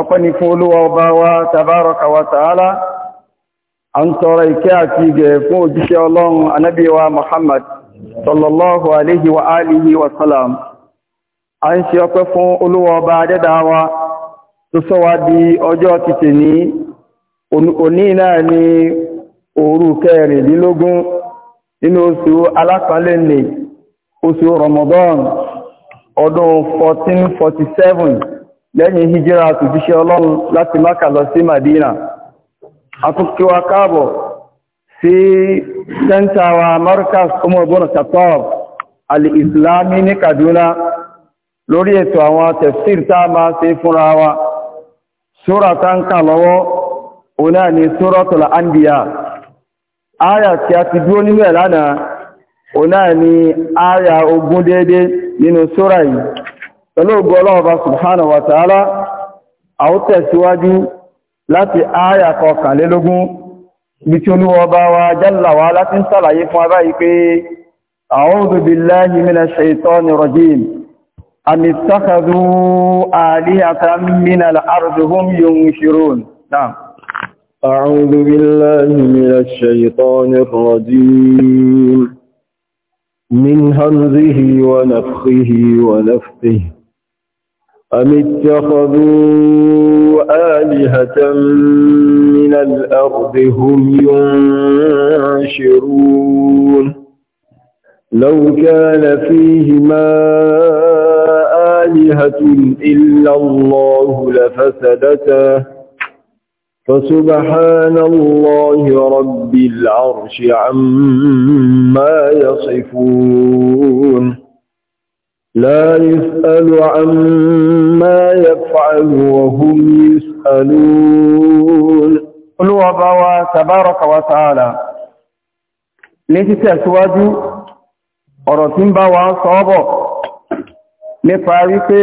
ọpẹ́ ni fún olúwa ọba wa tàbárọkà wa tààlá a ń tọrọ ìkẹ́ àti ìgẹ̀ fún òjíṣẹ́ ọlọ́run anábí wa Muhammad sallallahu alaihi wa alihi wa salam a ń ṣe ọpẹ́ fún olúwa ọba adẹ́dáwa tó sọ wá ọjọ́ títì ní òní náà ni òru kẹrìndínlógún nínú oṣù alápàálẹ̀ ọdún 1447 lẹ́yìn hijira àtúntíṣẹ́ ọlọ́run láti Mákà lọ sí Madina àtúnkíwa káàbọ̀ sí sẹ́ntàwà Markaz Umar bin Khattab al-Islami ní Kaduna lórí ètò àwọn tafsir tá máa ṣe fúnra wa súra tá ń kà lọ́wọ́ òun náà ni Suratul Anbiya áyà tí a ti dúró nínú ẹ̀ lánàá ni áyà ogún nínú sóra yìí pẹ̀lú ògbọ́ ọlọ́ọ̀bá subhanahu wa ta'ala a ó tẹ̀síwájú láti ááyà kọkànlélógún bí tí olúwọba wa jalla wa láti ń sàlàyé fún abá yìí pé a'udhu billahi أعوذ بالله من الشيطان الرجيم من همزه ونفخه ونفخه أم اتخذوا آلهة من الأرض هم ينشرون لو كان فيهما آلهة إلا الله لفسدتا فسبحان الله رب العرش عما يصفون لا يسأل عما يفعل وهم يسألون قل أبوا تبارك وتعالى ليس تسواجو ọ̀rọ̀ بوا ń bá wa sọ́ọ́bọ̀ nípa wípé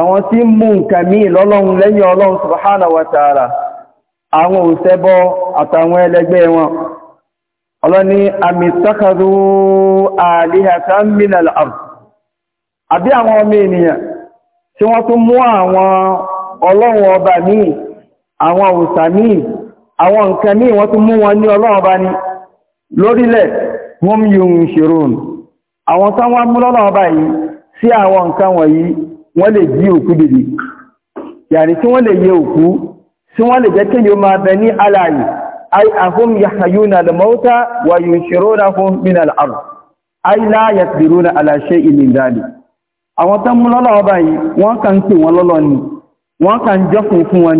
àwọn tí ń mú nǹkan míì lọ́lọ́run lẹ́yìn ọlọ́run subhanahu wa ta'ala àwọn òṣẹ́bọ àtàwọn ẹlẹgbẹ́ wọn ọlọ́ni àmìtàkàrú àlìhàtà wọ́n tún mú ọba àwọn òṣà mú ọba ọba yìí sí àwọn nǹkan wọ̀nyí wọ́n lè jí òkú dìde yàrí tí wọ́n lè yẹ òkú tí wọ́n lè jẹ́ kéyò máa bẹ ní aláàyè ay ahum yahayuna al-mauta wa yunshirunahum min al-ard ay la yaqdiruna ala shay'in min dhalik àwọn tán mú lọ́lọ́ ọba wọ́n kàn ń wọ́n lọ́lọ́ ni wọ́n kàn ń jọ́sìn fún wọn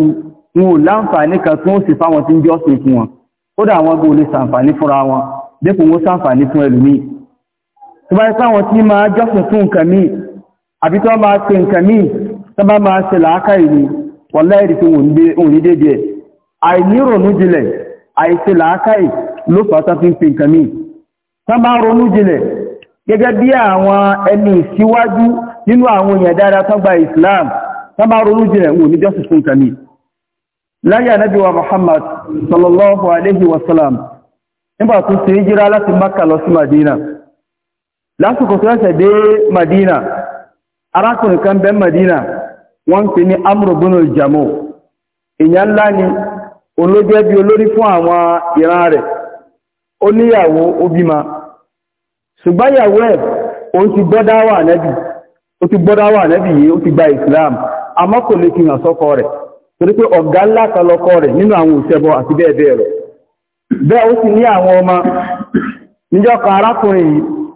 ni wọn ò láǹfààní kan tó sì fáwọn tí ń jọ́sìn fún wọn kódà àwọn gbò lè sàǹfààní fúnra wọn dépò wọ́n sàǹfààní fún ẹlòmíì tó bá yẹ sáwọn tí máa fún nǹkan míì àbí tó máa pè nǹkan ní tó bá máa ṣe làákà ìwé wọ́n láìrí tí wọ́n ní dédé ẹ̀ àìnírònú jinlẹ̀ àìṣe làákà ì ló fàtà fi ń pè nǹkan ní tó bá ronú jinlẹ̀ gẹ́gẹ́ bí àwọn ẹni ìṣíwájú nínú àwọn èèyàn dára tó gba Islam tó bá ronú jinlẹ̀ wọ́n ní jọ́sùn wa Muhammad sallallahu alaihi wasallam nígbà tó ṣe hijira láti Makka Madina lásìkò tó ṣẹ̀ Madina arákùnrin kan bẹ́ Madina wọ́n pè ní amúrùbúnú jamo èyàn ńlá ni olójẹ́ bí olórí fún àwọn ìran rẹ̀ ó níyàwó obìma ṣùgbáyàwó ẹ̀ ó ti gbọ́dáwà nẹ́bì ti nẹ́bì yìí ti gba Islam a kò lè fi hàn sọ́kọ rẹ̀ torí pé ọ̀gá rẹ̀ nínú àwọn àti bẹ́ẹ̀ bẹ́ẹ̀ bẹ́ẹ̀ ó sì ní àwọn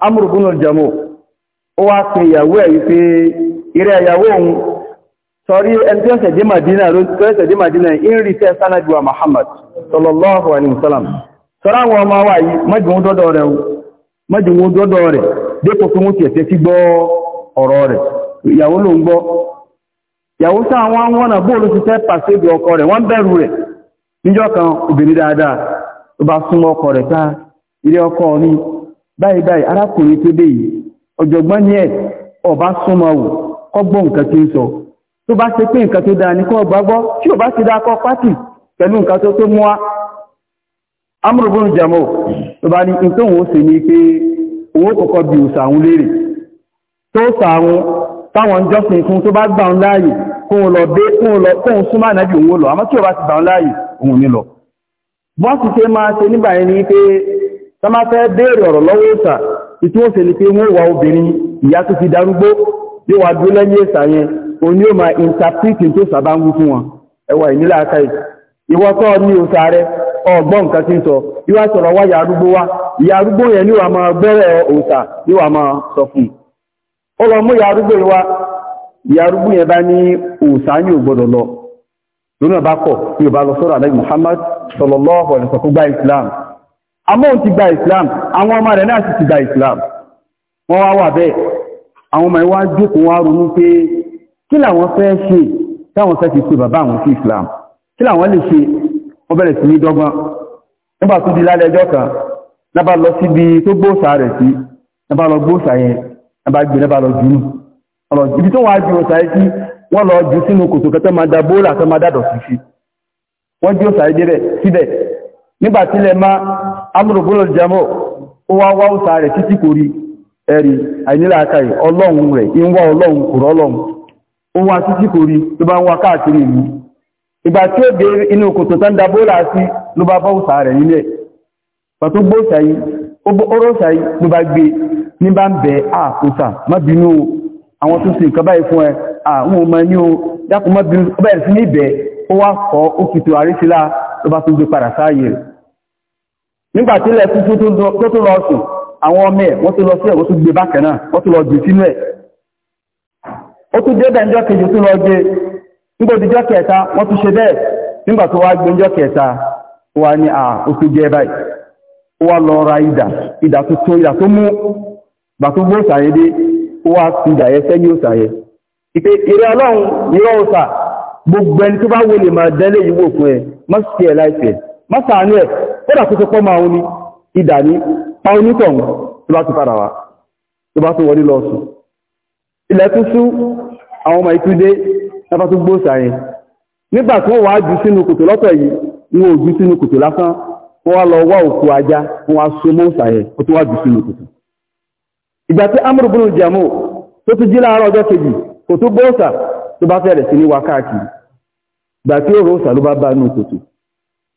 ọmọ ó wá pin ìyàwó ẹ̀ wípé ìrẹ́ ìyàwó òun sọrí ẹni tí ó ṣẹ̀dé Madina ló tó ẹ̀ṣẹ̀ dé Madina in rí sallallahu alaihi wasallam ọmọ wà yìí mọ́jùmú dọ́dọ̀ rẹ̀ dépò fún mú tẹ̀ẹ̀fẹ́ sí gbọ́ ọ̀rọ̀ rẹ̀ ìyàwó ló ń gbọ́ ìyàwó sáwọn wọ́n ọ̀jọ̀gbọ́n ní ẹ̀ ọba súnmọ́ wò kọ́gbọ́ nǹkan tí ń sọ tó bá ṣe pé nǹkan tó dáa ní kọ́ gbàgbọ́ tí ò bá ti dá kọ́ pátì pẹ̀lú nǹkan tó tó mú wá amúrùbùn jẹmọ́ tó bá ní tó wọ́n sì ní pé owó kọ̀kọ́ bí òsàwọn lérè tó sàwọn táwọn jọ́sìn fún tó bá gbà ń láàyè kóhun lọ dé kóhun súnmọ́ tọ́má fẹ́ béèrè ọ̀rọ̀ lọ́wọ́ òsà ìtí wọ́n se ní pé wọ́n wà obìnrin ìyá tó ti darúgbó bí wà dúró lẹ́yìn èsà yẹn o ní o máa interpret tó sàbá ń wú fún wọn ẹwà ìnílá aka ní òsà rẹ ọgbọ́n nǹkan tí ń sọ ìwà sọ̀rọ̀ sọ fún ó lọ mú àmọ́ ti gba islam àwọn ọmọ rẹ̀ náà sì ti gba islam wọ́n wá wà bẹ́ẹ̀ àwọn ọmọ ìwá jókòó wá ronú pé kí làwọn fẹ́ ṣe táwọn fẹ́ ti pè bàbá àwọn sí islam kí làwọn lè ṣe wọ́n bẹ̀rẹ̀ sí ní dọ́gbọ́n nígbà tó di lálẹ́ ẹjọ́ kan lábá lọ síbi tó gbóòsà rẹ̀ sí lábá lọ gbóòsà yẹn lábá gbé lábá lọ jùnú ọ̀rọ̀ ibi tó wà ju òsà yìí sí nígbà tí lẹ máa amúrùbúrò jẹmọ́ ó wá wá òsà rẹ̀ títí kò rí ẹ̀rì àìníláàkàì ọlọ́run rẹ̀ ìwọ́ ọlọ́run kò rọ́lọ́run ó wá títí kò rí tó bá ń wá káàkiri ìlú ìgbà tí ó dé inú kòtò tán da bóòlà sí ló bá bá òsà rẹ̀ nílẹ̀ pàtó gbóòsàyí ó rọ́sàyí ló bá gbé ní bá ń bẹ̀ àkóṣà àwọn tó sì nǹkan báyìí ẹ àwọn ọmọ ẹni ó dákùn má ó bẹ̀rẹ̀ sí ní ìbẹ̀ ó wá kọ́ ó fi tó bá tún gbé padà sáàyè rẹ̀ nígbàtílẹ̀ títí tó tó lọ sí àwọn ọmọ ẹ̀ wọ́n tó lọ sí ẹ̀ wọ́n tó gbé bákan náà wọ́n tó lọ jù sínú ẹ̀ ó tó dé bẹ̀ ǹjọ́ kejì tó lọ gbé nígbàtíjọ́ kẹta wọ́n tó ṣe bẹ́ẹ̀ nígbà tó wá gbé ǹjọ́ kẹta wà ní à ó tó jẹ́ báyìí mọ́sàánú ẹ̀ ó dà kúsọ pọ́ máa ń ní ìdà ní pa onítọ̀hún tó bá ti padà wá tó bá tó wọlé lọ sùn ilẹ̀ tún sú àwọn ọmọ ìtúndé lápá tó gbó sàáyìn nígbà tí wọ́n wá jù sínú kòtò lọ́tọ̀ yìí wọ́n ò jù sínú kòtò lásán wọ́n wá lọ wá òkú ajá wọ́n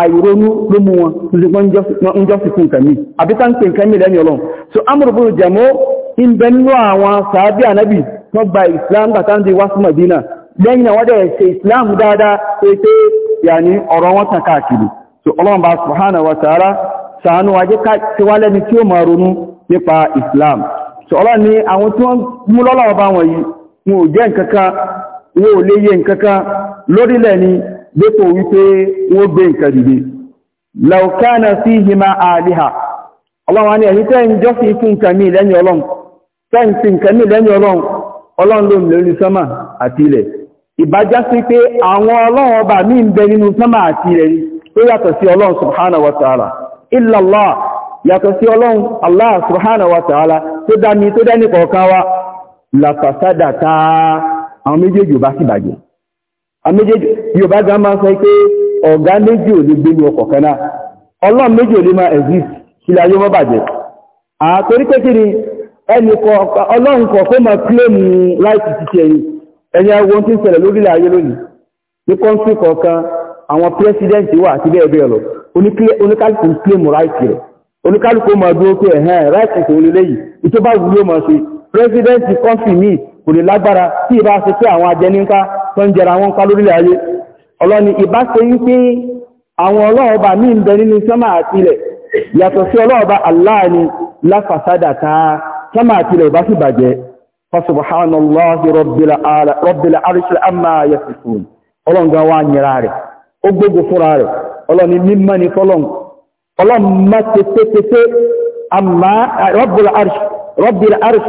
àìrónú ló mú wọn tó sì pọ́n ń jọ́ sí fún kàmí àbítà ń pè kàmí lẹ́ni ọlọ́run so amúrùbù jẹmọ́ ìbẹ̀ nínú àwọn sàábí ànábì tó gba islam tàtàndì wá Madina lẹ́yìn àwọn dẹ̀ ṣe islam dáadáa tó pé yàní ọ̀rọ̀ wọn so ọlọ́run bá subhanahu wa ta'ala ṣàánú ajé káàkiri tí ó máa ronú islam so ọlọ́run ni àwọn tí wọ́n mú lọ́lọ́wọ́ bá wọn yìí dípò wípé wọ́n gbé nǹkan dìde law kana fihima aliha ọlọ́run ni ẹ̀yìn tẹ́ ń jọ́sìn fún nǹkan mí lẹ́yìn ọlọ́run tẹ́ ń sin nǹkan mí lẹ́yìn ọlọ́run ọlọ́run ló ń lórí àti ilẹ̀ ìbájá sí pé àwọn ọlọ́run ọba mí ń bẹ àméjèèjì Yorùbá gan máa sọ pé ọ̀gá méjì ò lè gbé ní ọkọ̀ kan náà méjì ò lè máa exist sílẹ̀ ayé wọ́n bàjẹ́ àtorí pé kí ni ẹnì ọlọ́run kọ̀ kó máa claim láìsí títí ẹ̀yìn ẹ̀yìn àwọn tí ń ṣẹlẹ̀ lórílẹ̀ ayé lónìí ní kọ́ńtì kọ̀ọ̀kan àwọn president wà àti bẹ́ẹ̀ bẹ́ẹ̀ lọ oníkálùkù ń claim right rẹ̀ oníkálùkù máa dúró pé ẹ̀hẹ́n right kò lè lágbára tí ìbá ṣe pé àwọn ajẹníká tó ń jẹra wọn ká lórílẹ̀ ayé ọlọ́ni ìbá ṣe ń pé àwọn ọlọ́ọ̀bà ní ìbẹ nínú sánmà àti ilẹ̀ yàtọ̀ sí ọlọ́ọ̀bà aláàni láfàsádàtà sánmà àti ilẹ̀ arsh rabbil arsh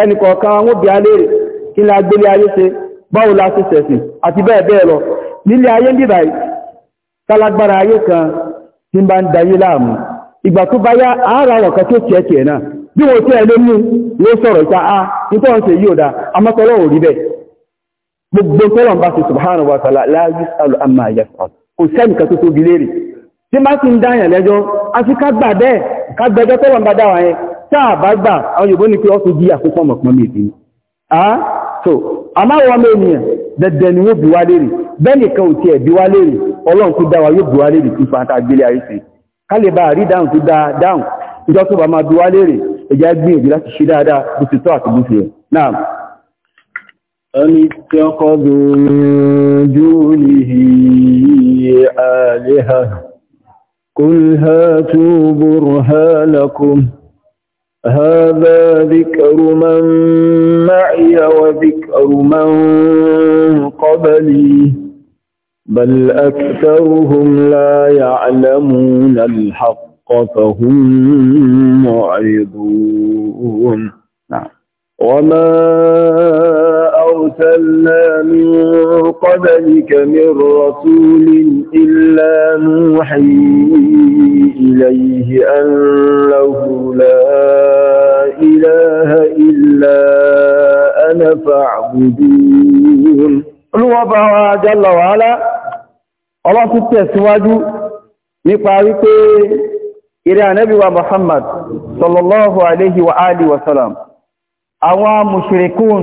ẹnìkọ̀ọ̀kan wọn bí aléèrè kí la gbélé ayé ṣe báwo la ṣe àti bẹ́ẹ̀ bẹ́ẹ̀ lọ nílé ayé ń tálágbára ayé kan tí bá ń dayé láàmú ìgbà tó bá yá ara ọ̀kan tó tiẹ̀ tiẹ̀ náà bí wọ́n tí ẹlé mú ló sọ̀rọ̀ ìta ah, a nítọ́ ń dá amọ́tọ́lọ́ ò rí gbogbo tọ́lọ̀ bá ti subhanahu wa ta'ala la yusalu amma yas'al kò sẹ́nìkan tó tóbi léèrè tí má ti ń dáyàn lẹ́jọ́ àti ká gbà bẹ́ẹ̀ ká gbẹjọ́ tọ́lọ̀ bá dáwà yẹn táà bá gbà àwọn ní pé ọ́ tó jí àkókò ọmọ pọ̀ méjì ni ah so àmáwọn ọmọ ènìyàn dẹ̀dẹ̀ ni wọ́n bí wá lérè bẹ́ẹ̀ni kan ò ti ẹ̀ bí wá lérè ọlọ́run tó dá wa yóò bí wá lérè tí fanta gbélé ayé sí kálẹ̀bá rí dáhùn tó dá dáhùn ìjọ tó bá máa bí wá lérè ẹjá gbìyànjú láti ṣe dáadáa bó ti tọ́ àti bó ti yẹ náà اتخذوا من هاتوا برهانكم هذا ذكر من معي وذكر من قبلي بل أكثرهم لا يعلمون الحق فهم معرضون نعم. وما أرسلنا من قبلك من رسول إلا نوحي إليه أن له لا إله إلا أنا فاعبدون الوضع جل وعلا الله تتسواج نقارك إلى نبي محمد صلى الله عليه وآله وسلم àwọn مشركون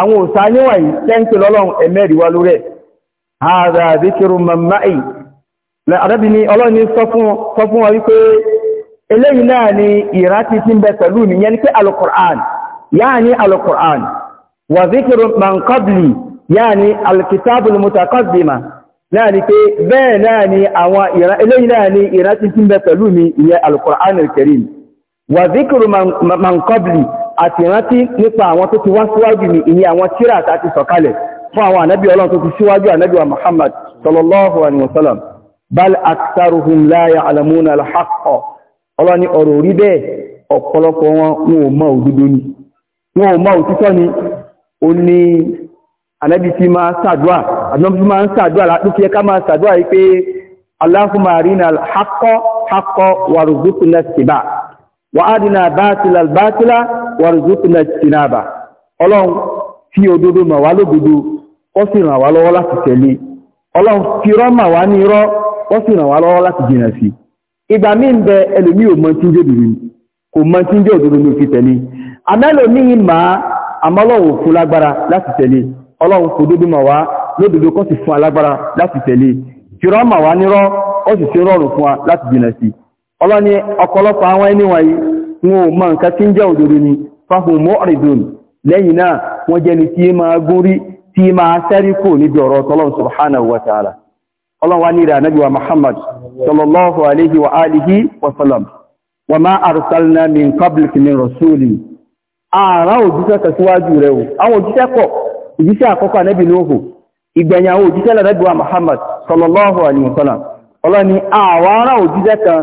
àwọn òsà níwọ̀n yìí tẹ́ǹtì lọ́lọ́run ẹ̀mẹ́rìwá lórí ẹ̀ ààrẹ àdíkìrù mamai arábìnrin ọlọ́ni sọ fún wọn wípé eléyìí náà ni ìrántí tí ń bẹ pẹ̀lú mi yẹn ni pé alukur'an yáàní alukur'an wà zíkìrù mankabli yáàní alkitabul mutakaddima náà ni pé bẹ́ẹ̀ náà ni àwọn eléyìí náà ni ìrántí àtìrántí nípa àwọn tó ti wá síwájú ní ìyẹn àwọn tírà àti sọ̀kalẹ̀ fún àwọn ànábì ọlọ́run tó ti síwájú ànábì wa Muhammad sallallahu alaihi wasallam bal aktharuhum la ya'lamuna al-haqqa ọlọ́run ni ọ̀rọ̀ orí bẹ́ẹ̀ ọ̀pọ̀lọpọ̀ wọn wọn ò mọ̀ òdodo ni wọn ò mọ̀ òtítọ́ ni ó ní ànábì tí máa sàdúà ànábì tí máa وأرنا باطل الباطل وارزقنا اجتنابه ọlọ́run fi òdodo mà wá lódodo ó sì ràn wá lọ́wọ́ láti tẹ̀lé ọlọ́run fi rọ́ mà wá ní irọ́ ó sì ràn wá lọ́wọ́ láti jìnà sí ìgbà mí ń bẹ ẹlòmí ò mọ tí ń jẹ́ kò mọ tí ń jẹ́ ní fi sì fún alágbára fi rọ́ ó sì fi fún ọlọ́ni ọ̀pọ̀lọpọ̀ àwọn ẹni wọ̀nyí wọn ò mọ̀ nǹkan tí ń jẹ́ òdodo ni fahum mu'ridun lẹ́yìn náà wọ́n jẹ́ ni tí máa gúnrí tí máa sẹ́rí kò níbi ọ̀rọ̀ tọ́lọ́n subhanahu wa ta'ala ọlọ́run wá ní ìrà náà wa muhammad sallallahu alaihi wa alihi wa sallam wa ma arsalna min qablik min rasuli ara òjíṣẹ́ kàṣíwájú rẹ̀ o ọlọ́ni àwọn ará kan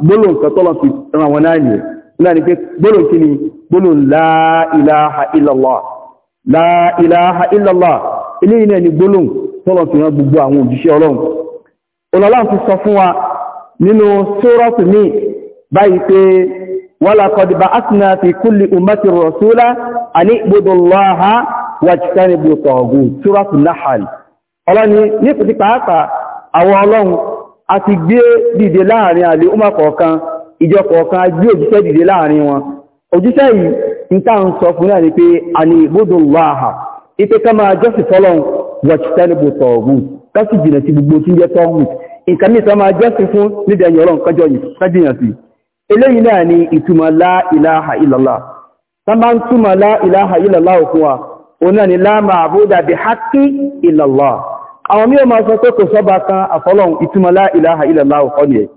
gbólò nǹkan tọ́lọ̀ fi ran wọn náà nìyẹn náà ni pé gbólò kí ni gbólò la ilaha illallah la ilaha illallah eléyìí náà ni gbólò tọ́lọ̀ fi ran gbogbo àwọn òjíṣẹ́ ọlọ́run ọlọ́lá fi sọ fún wa nínú sórọ́tù míì báyìí pé walaqad ba'athna fi kulli ummati pàápàá àwọn ọlọ́run a ti gbé dìde láàrin àlè ó máa kọ̀ọ̀kan ìjọ kọ̀ọ̀kan a gbé òjíṣẹ́ dìde láàrin wọn òjíṣẹ́ yìí ń tà ń sọ fún náà ni pé a ní ìbúdó láàhà ipé ká máa jọ́sì fọ́lọ́n wọ̀chítẹ́nìbò tọ̀ọ̀gùn kásì jìnà sí gbogbo tí ń jẹ́ tọ́hùn nǹkan ní ìtọ́ máa jọ́sì fún nídẹ̀ ìyọ̀rọ̀ kájọ yìí kájìyàn àwọn mí o máa sọ pé kò sọ́ba kan àfọ́lọ́hun ìtumọ̀ la ilaha illallahu kọ́ ni ẹ̀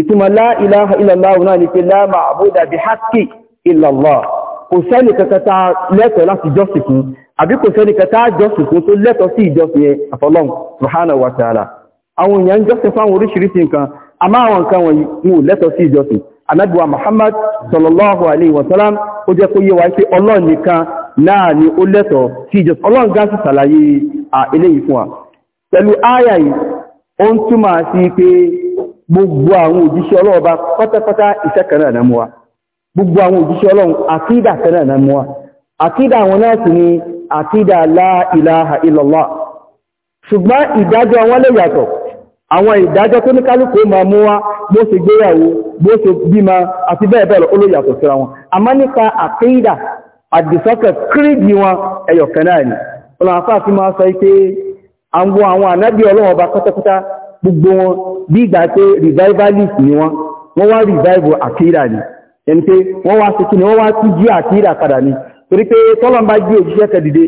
ìtumọ̀ la ilaha illallahu náà ni pé la ma'buda bi haqqi illallah kò sẹ́ni kẹta lẹ́tọ̀ọ́ láti jọ́sìn fún àbí kò sẹ́ni kẹta jọ́sìn fún tó lẹ́tọ̀ọ́ sí ìjọsìn yẹn àfọ́lọ́hun àwọn Muhammad sallallahu alaihi wasallam ó jẹ́ kó yé wa pé ni ó lẹ́tọ̀ọ́ sí ìjọsìn Ọlọ́run gá sí sàlàyé pẹ̀lú áyà yìí ó ń túmọ̀ sí pé gbogbo àwọn òjíṣẹ́ Ọlọ́run bá pátápátá iṣẹ́ kan náà mú wa gbogbo àwọn òjíṣẹ́ Ọlọ́run àkídà kan náà mú àkídà àwọn náà sì ni àkídà la ilaha illallah ṣùgbọ́n ìdájọ́ wọn lè yàtọ̀ àwọn ìdájọ́ tó ní kálùkù ma mú wá bó ṣe gbéyàwó bó ṣe bímọ àti bẹ́ẹ̀ bẹ́ẹ̀ lọ ó ló yàtọ̀ síra wọn àmọ́ nípa àkídà àdìsọ́kẹ̀ kírìdì wọn ẹyọ̀kẹ́ náà ni ọlọ́pàá fi máa sọ pé àwọn àwọn ànábí ọlọ́wọ́ bá kọ́tọ́kọ́tá gbogbo wọn bí ìgbà pé revivalist ni wọ́n wọ́n wá revival àkídà ni ẹni pé wọ́n wá sí kíni wọ́n wá tí jí àkídà padà ni torí pé tọ́lọ́n bá jí òjíṣẹ́ kẹdìde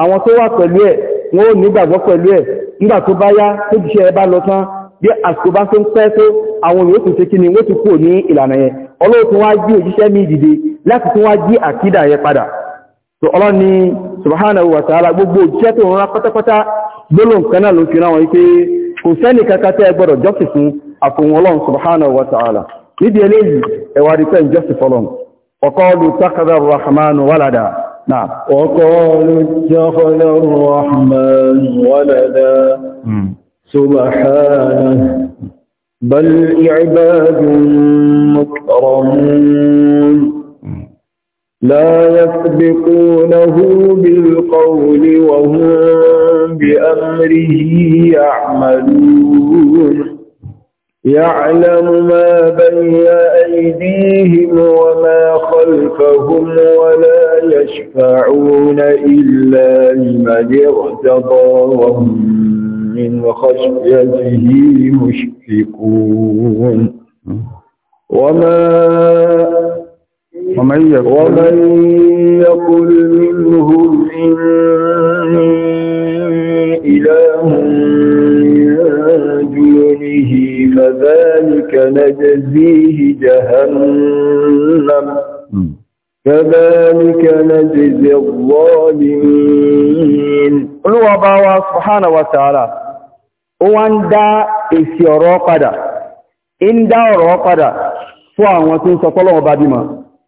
àwọn tó wà pẹ̀lú ẹ̀ wọ́n ò nígbàgbọ́ pẹ̀lú ẹ̀ nígbà tó bá yá tó ẹ bá lọ tán bí àsìkò bá tó ń pẹ́ tó àwọn yóò tún ṣe ti kúrò ní mi dìde láti wá jí àkídà yẹn so ọlọ́run ni subhanahu wa ta'ala gbogbo òjíṣẹ́ tó ń rán pátápátá gbólóhùn kan náà ló fi rán wọn pé kò sẹ́ni kankan tẹ́ gbọ́dọ̀ jọ́sìn fún àfihàn ọlọ́run subhanahu wa ta'ala níbi eléyìí ẹwà rí pé ń jọ́sìn fọlọ́run لا يسبقونه بالقول وهم بأمره يعملون يعلم ما بين أيديهم وما خلفهم ولا يشفعون إلا لمن ارتضى وهم من خشيته مشفقون وما ومن يقل, ومن يقل منهم إني إله من دونه فذلك نجزيه جهنم كذلك نجزي الظالمين قل باوا سبحانه وتعالى وان دا اسيرو قدا ان دا رو قدا فو àwọn tí ń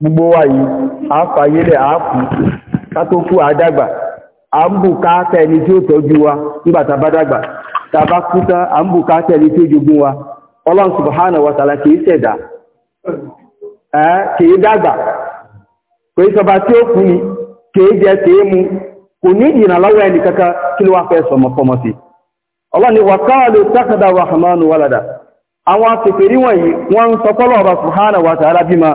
gbogbo wa yìí àáfàyélẹ̀ àákù kátókù àdágbà à ń bù káàkà ẹni tí ó tọ́jú wa nígbà bá dàgbà tá kú tán à ń bù káàkà ẹni tí ó jogún wa ọlọ́run subhanahu wa ta'ala kìí ṣẹ̀dá kìí dàgbà kò sọba tí ó kú ni kìí jẹ kìí mu kò ní ẹni kankan ọba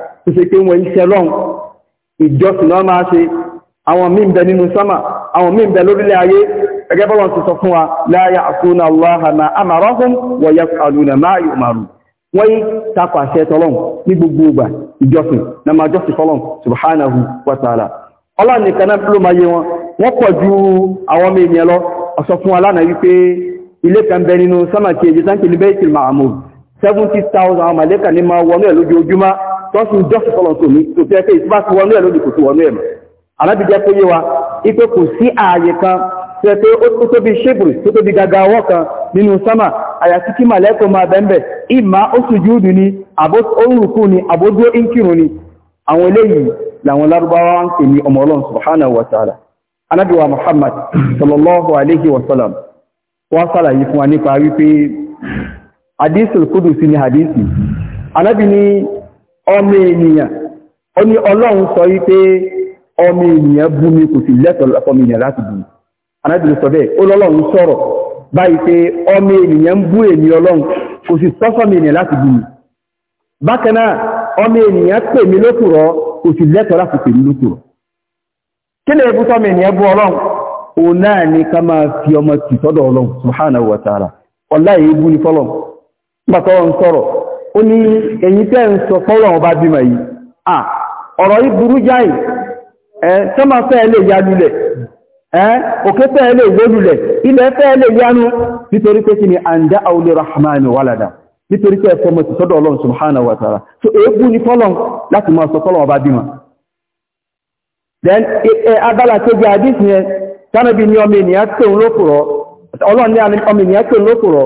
tó ṣe pé wọ́n iṣẹ́ lọ́n ìjọsìn náà máa ṣe àwọn míì bẹ nínú sánmà àwọn míì bẹ lórílẹ̀ ayé gẹ́gẹ́ bọ́lọ̀ ti sọ fún wa la ya'suna Allaha ma amarahum wa yaf'aluna ma yu'maru wọ́n yí takọ̀ àṣẹ tọ́lọ́n wa ta'ala ọlọ́run nìkan náà ló máa yé wọn wọ́n pọ̀ ju àwọn ọmọ ènìyàn lọ ọ̀sọ̀ fún alánà wípé ilé kan ní bẹ́ẹ̀kì ma'amud 70,000 àwọn màlẹ́kà tó sì ń jọ́sìn fọ́lọ̀ tó ní tó tẹ́ pé ìtúbá sí wọnú ẹ̀ lórí kò wọnú kó yé wa ipé kò sí ààyè kan tẹ́ pé ó tó tóbi ṣébùrì tó gaga ọwọ́ kan nínú sámà àyàtí kí màlẹ́kọ̀ máa ìmá ó ni àbórùkú ni àbójú ìkírun ni àwọn eléyìí làwọn lárúbáwá ń pè ní wa ta'ala muhammad sallallahu alaihi wa sallam wọ́n sàlàyé fún wa nípa wípé ni ni ọmọ ènìyàn ó ní ọlọ́run sọ wípé ọmọ ènìyàn bú mi kò sì lẹ́tọ̀ọ́ ọmọ ènìyàn láti bú sọ bẹ́ẹ̀ ó lọ́lọ́run sọ̀rọ̀ báyìí pé ọmọ ènìyàn bú èmi ọlọ́run kò sì tọ́sọ́ ènìyàn láti bú mi bákan ọmọ ènìyàn pè mí kò láti pè mí kí lè bú ènìyàn bú ọlọ́run ó ní ẹ̀yìn tẹ́ ń sọ ọba bímọ yìí à ọ̀rọ̀ yìí burú jáì ẹ́ sọ́mà fẹ́ ya ẹ́ òkè fẹ́ lè wó ilẹ̀ fẹ́ lè yánú nítorí pé kí ni àǹdá rahman walada nítorí pé ẹ̀fọ́ mọ̀ so ọmọ ènìyàn ń lókùrọ̀ ọmọ ènìyàn ń lókùrọ̀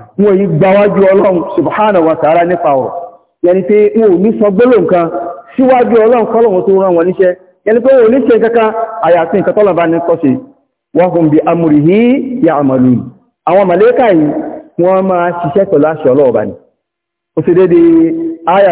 wọ́n yí gbáwájú ọlọ́run subhanahu wa ta'ala nípa ọ̀rọ̀ yẹni pé wọ́n ò ní sọ gbóló nǹkan síwájú ọlọ́run kọ́lọ̀wọ́n tó rán wọn níṣẹ́ yẹni pé wọ́n ò ní ṣe kankan àyàfi nǹkan tọ́lọ̀ bá ní kọ́ṣe wa hum bi amrihi ya'malun àwọn màlẹ́kà yìí wọ́n máa ṣiṣẹ́ pẹ̀lú àṣẹ ọlọ́ọ̀bá ni ó sì dédé ayà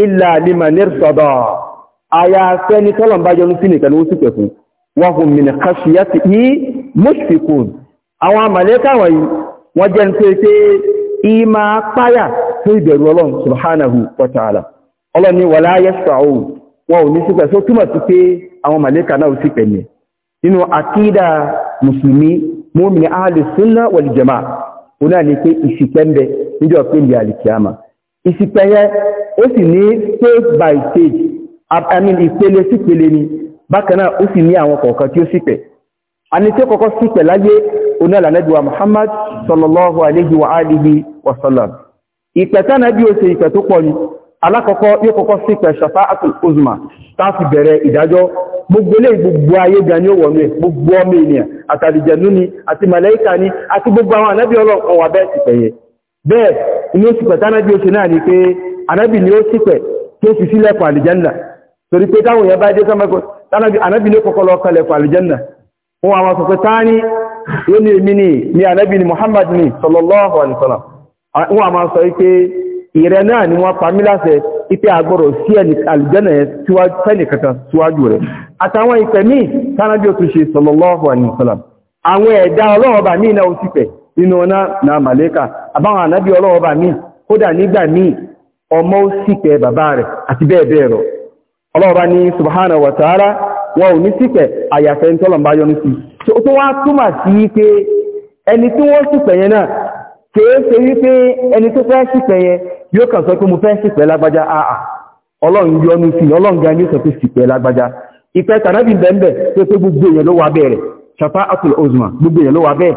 ìlà àdìmà nírṣọ́dọ̀ àyàfẹ́ ní tọ́lọ̀mbá yọnu sí nìkan ó sì pẹ̀ fún wọ́n hùn mìnà kàṣíyà ti yí mọ́ṣíkùn àwọn màlẹ́kà wọ̀nyí wọ́n jẹ́ pé pé ìmá páyà fún ìbẹ̀rù ọlọ́run subhanahu wa ta'ala ọlọ́run ni wàlá yẹ́sàáwò wọn ò ní ìsìpẹ̀yẹ ó sì ní stage by stage i mean ìpele sípele ni bákan náà ó sì ní àwọn kọ̀ọ̀kan tí ó sípẹ̀ àní tí ó kọ́kọ́ sípẹ̀ láyé onílànàbíwa Muhammad sallallahu alayhi wa alihi wa sallam ìpẹ̀tẹ́ náà bí ó ṣe ìpẹ̀ tó pọ̀ ni alákọ̀ọ́kọ́ yóò kọ́kọ́ sípẹ̀ shafa'atul uzma táàfi bẹ̀rẹ̀ ìdájọ́ gbogbo ilé gbogbo ayé ni ó wọ̀nú ẹ̀ gbogbo ọmọ ènìyàn àtàlìjẹ̀nú ni àti ni àti gbogbo àwọn bẹ́ẹ̀ inú sípẹ̀ tánàbí ó ṣe náà ni pé anábì ni ó sípẹ̀ tí ó fi sílẹ̀kùn àlìjánà torí pé táwọn èèyàn bá dé sọ́mọ́kọ́ anábì ní kọ́kọ́ lọ kalẹ̀kùn àlìjánà wọn àwọn tání ló ní èmi ni ni Muhammad ni sallallahu alaihi wasallam wọn àwọn sọ pé ìrẹ náà ni wọ́n pàmí láṣẹ ipé àgbọ̀rọ̀ sí ẹni àlìjánà fẹ́nì sallallahu alaihi wasallam àwọn ẹ̀dá ọlọ́ọ̀bà ní ìnáwó sípẹ̀ inú ọ̀nà na màlẹ́kà àbáwọn ànábí ọlọ́ọba mi kódà nígbà míì ọmọ ó sípẹ̀ bàbá rẹ̀ àti bẹ́ẹ̀ bẹ́ẹ̀ rọ̀ ọlọ́ọba ní subhanahu wa ta'ala wọn ò ní sípẹ̀ àyàfẹ́ tọ́lọ̀mbá yọnu sí tó wá túmọ̀ sí wípé ẹni tí wọ́n sípẹ̀ yẹn náà kèé ṣe ẹni tó fẹ́ gbogbo èèyàn ozma gbogbo èèyàn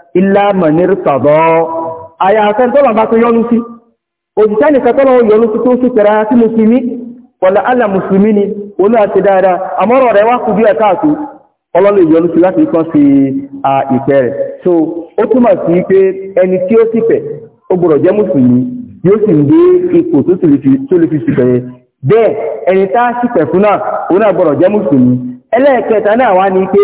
illa manir tàbọ́ ayàfẹ́ tọ́lọ̀ bá tó yọ́nú sí òjìṣẹ́ nìkan tọ́lọ̀ yọ́nú sí tó ṣùkẹ̀rẹ́ sí musulmi wọ̀lá alà musulmi ni olú àti dáadáa àmọ́rọ̀ rẹ̀ wá kú so ó túmọ̀ sí pé ẹni tí ó sì fẹ́ ó gbọ́dọ̀ jẹ́ musulmi yóò sì ń dé ipò tó lè fi ṣùkẹ̀ yẹn bẹ́ẹ̀ ẹni tá sì fẹ́ fún jẹ́ musulmi ẹlẹ́ẹ̀kẹta náà wá ní pé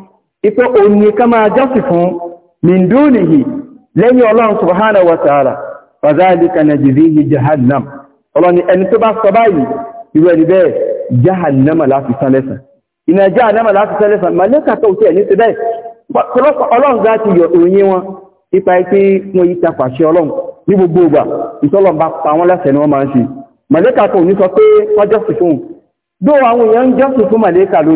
ipé òní ká máa jọ́sì fún mindúnìhì lẹ́yìn ọlọ́run subhanahu wa ta'ala fàzálìkà na jìzíhì jahannam ọlọ́ni ẹni tó bá sọ báyìí irú ẹni bẹ́ẹ̀ jahannama láti san lẹ́san iná jahannama láti san lẹ́san màlẹ́kà tó tẹ́ ní ti bẹ́ẹ̀ ọlọ́run gá ti yọ òyìn wọn ipa ipé wọn yí wọn láṣẹ ni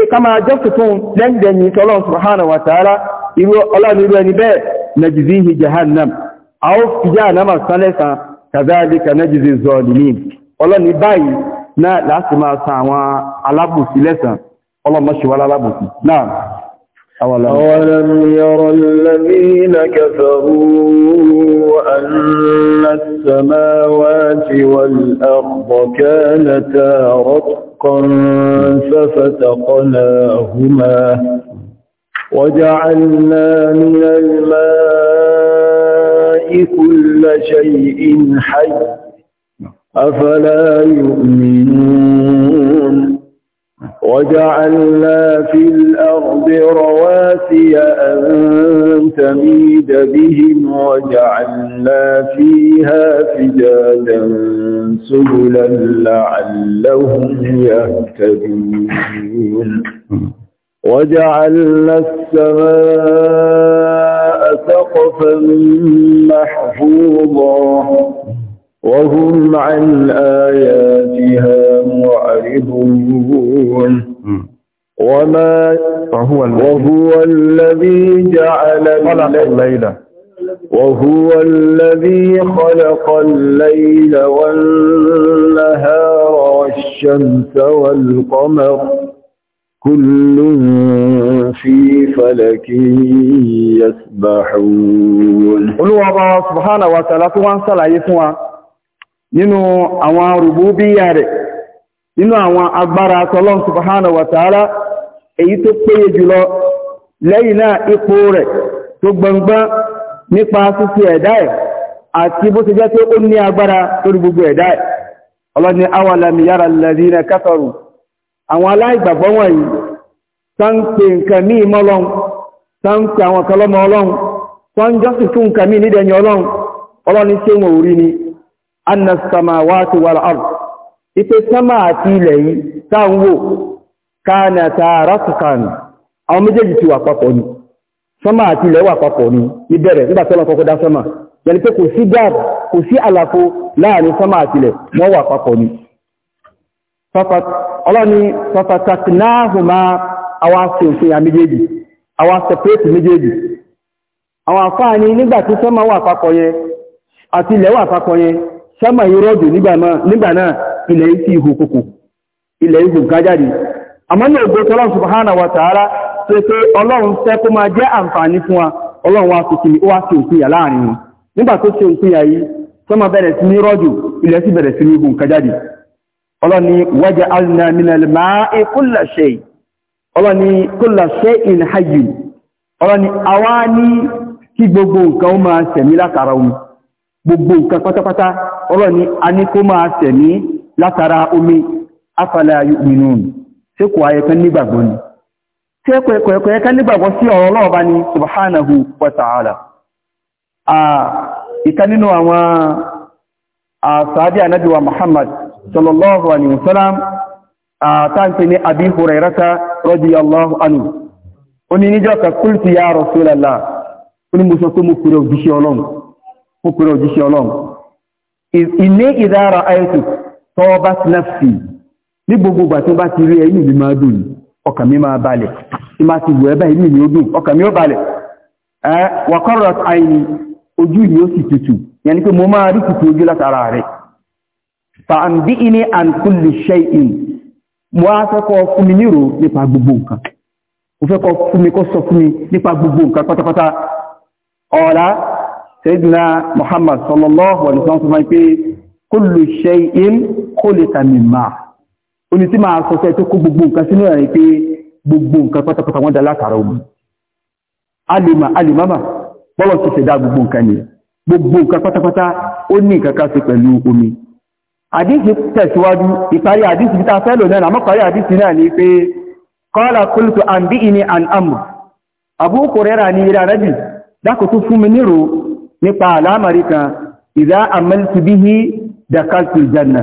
pé ká máa jọ́sìn fún lẹ́gbẹ̀ẹ́ni tọ́lọ́n subhanahu wa ta'ala irú ọlọ́run irú ẹni bẹ́ẹ̀ najzihi jahannam a ó fi jahannama sánlẹ̀sán kadhalika najzi zalimin ọlọ́ni báyìí náà láti máa san àwọn alábòsí lẹ́san أولم, يرى الذين كفروا أن السماوات والأرض كانتا رتقا ففتقناهما وجعلنا من الماء كل شيء حي أفلا يؤمنون وجعلنا في الأرض رواسي أن تميد بهم وجعلنا فيها فجاجا سبلا لعلهم يهتدون وجعلنا السماء سقفا محفوظا وهم عن آياتها معرضون وما وهو, وهو الذي جعل الليل وهو الذي خلق الليل والنهار والشمس والقمر كل في فلك يسبحون قلوا الله سبحانه وتعالى فوان لا يفوان nínú àwọn rùbúbíyà rẹ̀ nínú àwọn agbára tọ́lọ́n subhanahu wa ta'ala èyí tó péye jùlọ lẹ́yìn náà ipò rẹ̀ tó gbọngbọ́n nípa sísí ẹ̀dá ẹ̀ àti bó ti jẹ́ tó ó ní agbára lórí gbogbo ẹ̀dá ẹ̀ ọlọ́ni awalam yara alladhina kafaru àwọn aláìgbàgbọ́ wọ̀nyí sáńpé nǹkan ní ìmọ́lọ́n sáńpé àwọn kalọ́mọ ọlọ́run sáńjọ́sì fún nǹkan ní ìdẹ̀yìn ọlọ́run ọlọ́ni ṣé wọn ò rí ni anna samawati wal ard ipe sama àti ilẹ̀ yìí táwọ̀ káàna tààrà tukan àwọn méjèèjì ti wà papọ̀ ni sama àti ilẹ̀ wà papọ̀ ni ìbẹ̀rẹ̀ nígbà tọ́lọ kọ́kọ́ dá sama yẹni pé kò sí gap kò sí àlàfo láàrin sama àti ilẹ̀ wọ́n wà papọ̀ ni ọlọ́ni fafataknáhùmá àwọn asòfin ya méjèèjì àwọn asẹ̀pẹ́ẹ̀tì méjèèjì àwọn àfáà ni nígbà wà papọ̀ yẹn àti ilẹ̀ wà papọ̀ yẹn sánmà ìrọ́dù nígbà náà ilẹ̀ isi ihò kòkò ilẹ̀ ihò gájáde àmọ́ ní ògbó tọ́lọ́n subhana wa ta'ala tó pé ọlọ́run fẹ́ kó máa jẹ́ àǹfààní fún wa ọlọ́run wa fi kìí wá sí òpìyà láàrin wọn nígbà tó ṣe òpìyà yìí sánmà bẹ̀rẹ̀ sí ní rọ́dù ilẹ̀ sì bẹ̀rẹ̀ sí ní ihò gájáde ọlọ́ni waja'alna minal gbogbo nǹkan pátápátá ọlọ́ ni a ní kó máa tẹ̀mí látara omi afala yu'minun tí kò ayẹ̀kan nígbàgbọ́ ni tí ẹkọ̀ ẹ̀kan nígbàgbọ́ sí ọ̀rọ̀ ọlọ́ọ̀bá Muhammad sallallahu alaihi wasallam táǹtì ní Abi Hurairata radiyallahu anhu ó ní níjọ́ ka ya Rasulallah oni ní mo sọ pé mo kúrò òjíṣẹ́ ọlọ́run ó pèrè òjíṣẹ́ ọlọ́run ilé ìdára ayẹ́tù tọ́wọ́ bá ti náfì ní gbogbo ìgbà tí ó bá ti rí ẹ̀yìn ìlú máa dùn ọkàn mi máa balẹ̀ tí máa ti wọ̀ ẹ̀bá ìlú ìlú ó dùn ọkàn mi ó balẹ̀ wàkọ́rọ̀ àìní ojú ìlú ó sì tutù yẹni pé mo máa rí tutù ojú látara rẹ̀ fàǹdí ìní àn kulli ọ̀la Sayyidina Muhammad sallallahu alaihi wasallam sọ pé kullu shay'in khuliqa min ma. Ó ní tí máa sọ sẹ́ tó kó gbogbo nǹkan sínú ẹ̀rẹ́ pé gbogbo nǹkan pátápátá wọ́n dá látara omi. Alìmà alìmàmà bọ́wọ̀ sí ṣe dá gbogbo nǹkan ni. Gbogbo nǹkan pátápátá ó ní nǹkan kan sí pẹ̀lú omi. Àdíṣì tẹ̀síwájú ìparí àdíṣì tá a fẹ́ lò náà, àmọ́ parí àdíṣì náà ni pé qala qultu fún mi nírò nípa àlámàrí kan ìdá àmẹ́lìtì bí i dakaltu janna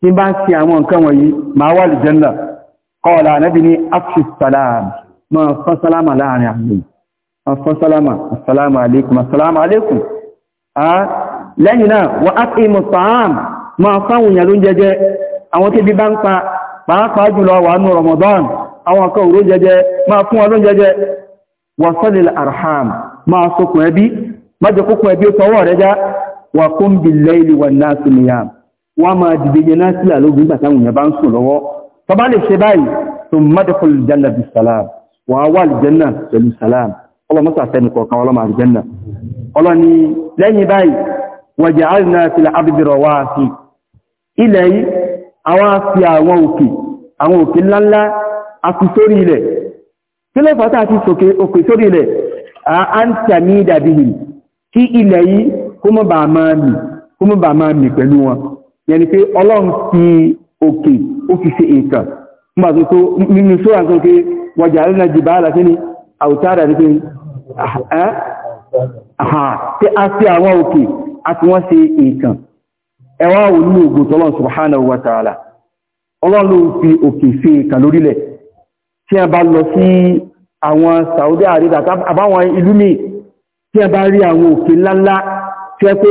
tí bá ń ṣe àwọn nǹkan wọ̀nyí ma wà lè janna kọ́ọ̀lá náà bí ní afṣis salam ma fọ́n salama láàrin àwọn afọ́n salama assalamu alaikum assalamu alaikum a lẹ́yìn náà wa aqimu ta'am ma fáwọn èèyàn ló ń jẹjẹ àwọn tí bí bá ń pa ma fún wọn jẹjẹ wa salil arham ma sokùn ẹbí mọ́jọ kókùn ẹbí tọwọ́ rẹ já wà kún bí lẹ́ìlì wà náà sí ni yàm wọ́n máa dìde yẹn náà sílà lóògùn ìgbà táwọn èèyàn bá ń sùn lọ́wọ́ tó bá lè ṣe báyìí tó mọ́jọ́kọ́ lùjánà bí sàlám wà á wà lùjánà pẹ̀lú sàlám ọlọ́mọ́sà fẹ́ni kọ̀ọ̀kan ọlọ́mọ àlùjánà ọlọ́ni òkè sórí ilẹ̀ kí ń tàmí dàbí yìí kí ilẹ̀ yìí kó mọ́ bà máa mì kó mọ́ bà pẹ̀lú wọn yẹni ọlọ́run fi òkè ó fi ṣe ètàn nígbà tó nínú sóra tó pé wọjà àrínà jìbá àlàfí ni àwùtára ní pé a fi àwọn òkè àti wọ́n ṣe ètàn ẹwà wò nínú ọlọ́run fi a tí ẹ bá rí àwọn òkè ńláńlá tí ẹ pé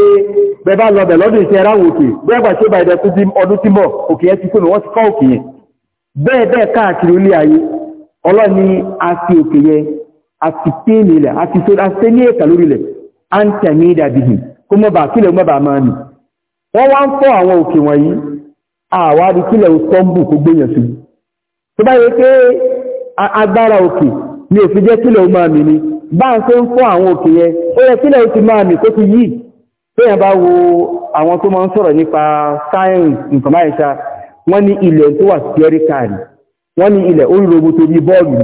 bẹbá lọ́bẹ̀ lọ́dún iṣẹ́ ráwọ̀ òkè bẹ́ẹ̀gbà tí ó bá ẹ̀dẹ̀ tó dí ọdún tí mọ̀ òkè ẹ ti kó wọ́n ti kọ́ òkè yẹn bẹ́ẹ̀ bẹ́ẹ̀ káàkiri ilé ayé ọlọ́ni a ti òkè yẹn a ti pé nílẹ̀ a ti tó a ti ní èkà lórí ilẹ̀ ní ò fi jẹ́ kílẹ̀ ó máa mì ní bá ń tó ń fọ́ àwọn òkè yẹn ó yẹ kílẹ̀ ó ti máa mì kó ti yìí téèyàn bá wo àwọn tó máa ń sọ̀rọ̀ nípa sáyẹ̀nsì nǹkan báyìí ṣá wọ́n ní ilẹ̀ tó wà spherical wọ́n ní ilẹ̀ ó rògbò tó bí bọ́ọ̀lù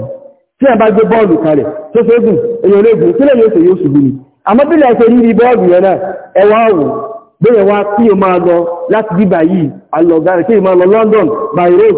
tí a bá gbé bọ́ọ̀lù kalẹ̀ tó fẹ́ gùn èyàn ológun sílẹ̀ yóò ṣe yóò ṣubú ni àmọ́ bí láìṣe rí rí bọ́ọ̀lù yẹn náà ẹwà wò bẹ́ẹ̀ wá kí o máa lọ láti bíbà yìí alọ̀gára kí o máa lọ London by road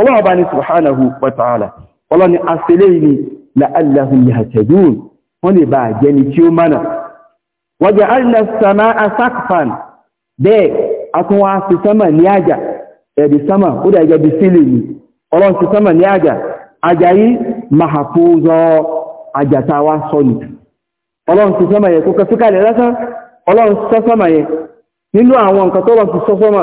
ọlọ́run bá ní subhanahu wa ta'ala ọlọ́ni asẹ́lẹ̀ ni la'allahum yahtadun wọ́n lè bá jẹ́ ni tí ó mánà wa ja'alna as-samaa'a saqfan bẹ́ẹ̀ akúnwá sí sánmà ní àjà ẹ̀bì sánmà ó dà gẹ́bí sílẹ̀ ni ọlọ́run sí sánmà ní àjà àjà yẹ nínú àwọn nǹkan tó lọ sí sọ́sánmà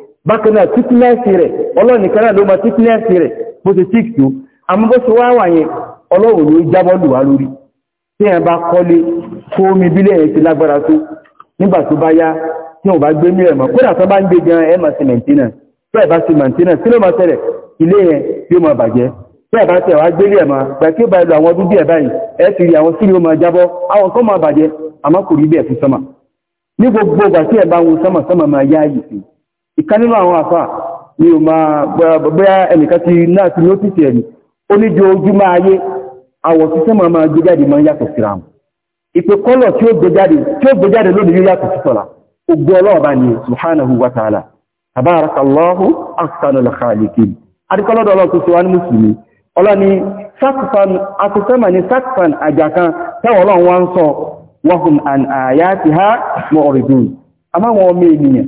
bákan náà tíkínẹ́ẹ̀sì rẹ̀ ọlọ́run nìkan náà ló mọ tíkínẹ́ẹ̀sì rẹ̀ bó ti tíkì tó àmọ́ bó ṣe wá wà yẹn ọlọ́run ló jábọ́ lù wá lórí tí ẹ̀ bá kọ́lé kó omi bílẹ̀ yẹn ti lágbára tó nígbà tó bá yá tí wọ́n bá gbé ní ẹ̀mọ̀ kódà tó bá ń gbé gan ẹ̀ máa ṣe maintenance tó ẹ̀ bá ṣe maintenance kí ló máa ṣẹlẹ̀ ilé yẹn tí ó máa bàjẹ́ tó ẹ̀ bá wá gbé ní ẹ̀mọ̀ gbàkí bá lo àwọn dúdú ẹ̀ báyìí ẹ̀ ti rí àwọn sílé ó máa jábọ́ àwọn kan máa bàjẹ́ àmọ́ kò rí bẹ́ẹ̀ fún sọ́mà ní gbogbo ìgbà tí ẹ̀ bá sọ́mà sọ́mà máa yá yìí ìkan nínú àwọn àfà ni o máa bọ́yá ẹnìkan ti náà ti nótìsì ẹ̀mí ó ní jọ ojú máa yé àwọ̀ sísẹ́ máa máa gbéjáde máa yàtọ̀ síra mu ìpè kọ́lọ̀ tí ó gbéjáde tí ó gbéjáde lónìí yóò yàtọ̀ sísọ̀la ogun ọlọ́ọ̀bá ni subhanahu wa ni sakfan akùsẹ́mà ni sakfan àjàkan tẹ́wọ̀ ọlọ́run wá ń sọ ayatiha mu'ridun àmáwọn ọmọ ènìyàn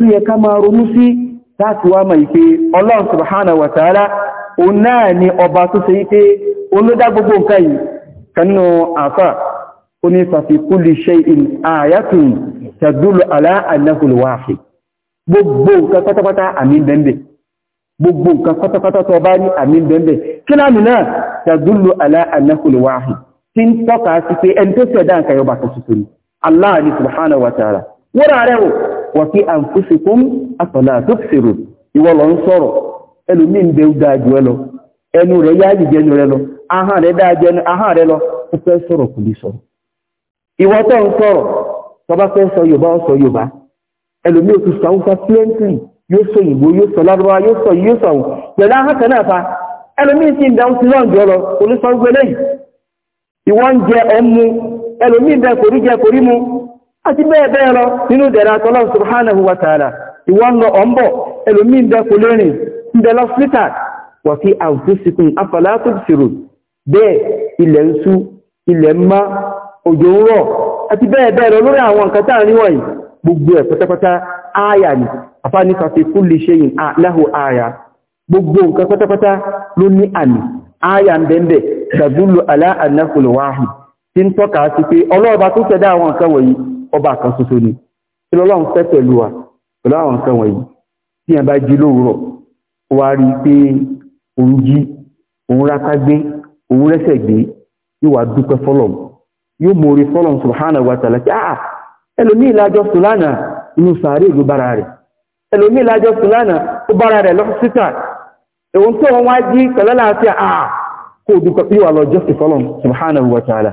tó yẹ ká máa ronú sí láti wá mọ̀ ìpé ọlọ́run subhanahu wa ta'ala o náà ni ọba tó ṣe wípé olódá gbogbo nǹkan yìí kanú àfà ó ní fàfi kulli shay'in ayatun tadullu ala annahu al-wahid gbogbo nǹkan pátápátá àmì bẹ́ẹ̀ gbogbo nǹkan pátápátá tó bá ní àmì bẹ́ẹ̀ kí láàmì náà tadullu ala tí ń tọ́ka sí pé ẹni tó ṣẹ̀dá nǹkan yọba kan tuntun Allah subhanahu wa ta'ala wọ́n rẹ̀ wakil fí àǹfúsìkún àtọ̀là tó fèrò ìwọ lọ ń sọ̀rọ̀ ẹlòmí ń bẹ lọ ẹnu rẹ̀ yá jìjẹnu rẹ lọ ahọ́n rẹ̀ dáa jẹnu ahọ́n rẹ lọ ó fẹ́ sọ̀rọ̀ kò lè sọ̀rọ̀ ìwọ tó ń sọ̀rọ̀ ọsọ bá elu sọ Yorùbá ó sọ Yorùbá ẹlòmí òtún sọ Haúsá fluently yóò sọ ìgbò yóò sọ lárúbá yóò sọ àti bẹ́ẹ̀ bẹ́ẹ̀ lọ nínú dẹ̀ra tọ́lọ́ subhanahu wa ta'ala ìwọ́n lọ ọ̀mbọ̀ ẹlòmí ń dẹ́kù lérìn ń bẹ lọ síta wà fi anfusikum afala tubsirun bẹ́ẹ̀ ilẹ̀ ń sú ilẹ̀ ń má òjò ń rọ̀ àti bẹ́ẹ̀ bẹ́ẹ̀ lọ lórí àwọn lahu ááyà gbogbo nǹkan pátápátá ló ní àmì ááyà ala annahu al-wahid tí ń tọ́ka sí pé ọlọ́ọ̀bá tó tẹ̀dá àwọn nǹkan wọ̀nyí ọba kan ṣoṣo ni kí lọ́lọ́run fẹ́ pẹ̀lú wa pẹ̀lú àwọn nǹkan wọ̀nyí tí yẹn bá jí lóòrọ̀ ó wá rí i pé òun jí òun ráká gbé òun rẹ́sẹ̀ gbé yóò wá dúpẹ́ fọlọ́m yóò mòore fọlọ́m subhanahu wa ta'ala pé ah ẹlòmíì lájọ sùlánà inú sàárè ìlú bára rẹ̀ ẹlòmíì lájọ sùlánà ó bára rẹ̀ lọ́sítà èwọ̀n tó wọn wá jí pẹ̀lẹ́lá àti ah kó dúpẹ́ yóò wá lọ jọ́sìn fọlọ́m subhanahu wa ta'ala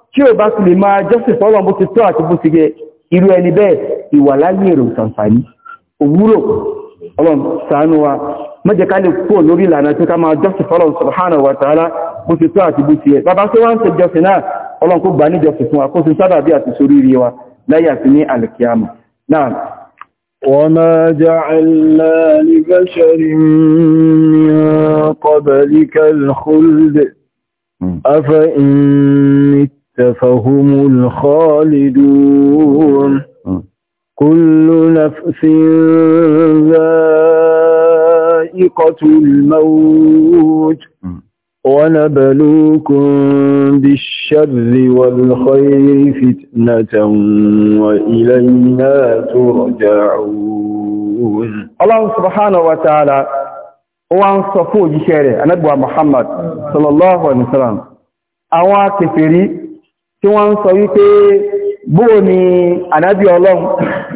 tí ò bá sì lè máa jọ́sìn fọ́lọ̀ bó ti tọ́ àti bó ti gẹ irú ẹni bẹ́ẹ̀ ìwà láyé èrò ìsànfàní òwúrò ọlọ́n ṣàánú wa mọ́jẹ ká lè kó lórí ìlànà tí ká máa jọ́sìn fọ́lọ̀ subhanahu wa ta'ala bó وما جعلنا لبشر من قبلك الخلد hmm. أفإن فهم الخالدون اه. كل نفس ذائقة الموت اه. ونبلوكم بالشر والخير فتنة وإلينا ترجعون الله سبحانه وتعالى وان صفو جشيري أنا محمد صلى الله عليه وسلم أواكفري tí wọ́n ń sọ wípé bóò ni ànábì ọlọ́run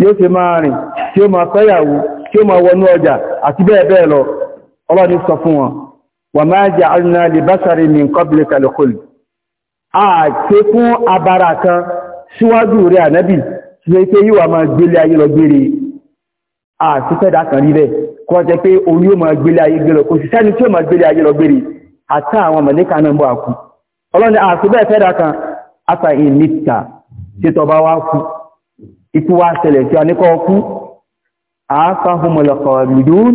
yóò ṣe máa rìn tí ó máa fẹ́yàwó tí ó máa wọnú ọjà àti bẹ́ẹ̀ bẹ́ẹ̀ lọ ọlọ́ni sọ fún wọn wa ma ja'alna li basharin min qablika al-khuld àti fún abara kan síwájú rẹ̀ ànábì tí ó pé yíwa máa gbélé ayé lọ gbére àti fẹ́dà jẹ́ pé òun yóò máa gbélé ayé ọlọ́ni àti bẹ́ẹ̀ kan ata ìmìta tí tọba wá kú ikú wá ṣẹlẹ̀ tí a ní kọ́ kú àáfàhùnmọ̀lọ̀kọ̀ lùdún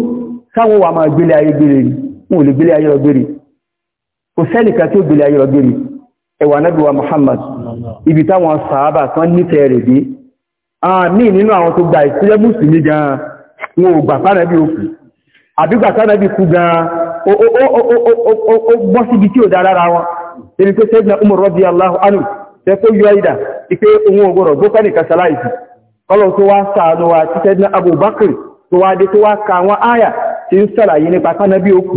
sáwọn wà máa gbélé ayé gbére wọn ò lè gbélé ayé ọgbére kò sẹ́nìkan tí ó gbélé ayé ọgbére ẹwà nábíwa Muhammad ibi táwọn sàábà kan nífẹ̀ẹ́ rẹ̀ dé àmì nínú àwọn tó gba ìsílẹ̀ mùsùlùmí gan wọn ò gbà fánàbí òkú àbígbà fánàbí kú gan ó gbọ́ síbi tí ò dá lára wọn ẹni tó sẹ́gbẹ̀ Umar radiyallahu anhu tẹ́ kó yọ ìdà ipé ohun ògbòrò gbófẹ́nì kàṣàláìsì kọ́lọ̀ tó wá sàánú wa títẹ́ ní Abubakar tó wá dé tó wá ka àwọn áyà tí ń sàlàyé nípa kánábí òkú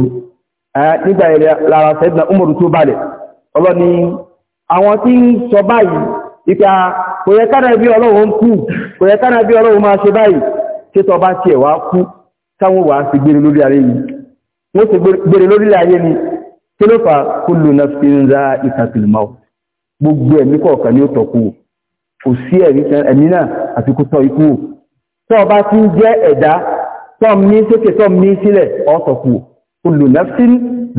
nígbà ilẹ̀ lára sẹ́dìnà Umaru tó balẹ̀ ọlọ́ni àwọn tí ń sọ báyìí ipa kò yẹ kánábí Ọlọ́run kú kò yẹ kánábí Ọlọ́run máa ṣe báyìí ṣé tó gbogbo ẹ̀mí kọ̀ọ̀kan ní ó tọ̀kù kò sí ẹ̀mí náà àti kò tọ́ ikú tó ọba tí ń jẹ́ ẹ̀dá tọ́m ní sókè tọ́m ní sílẹ̀ ọ́tọ̀kù kullu nafsin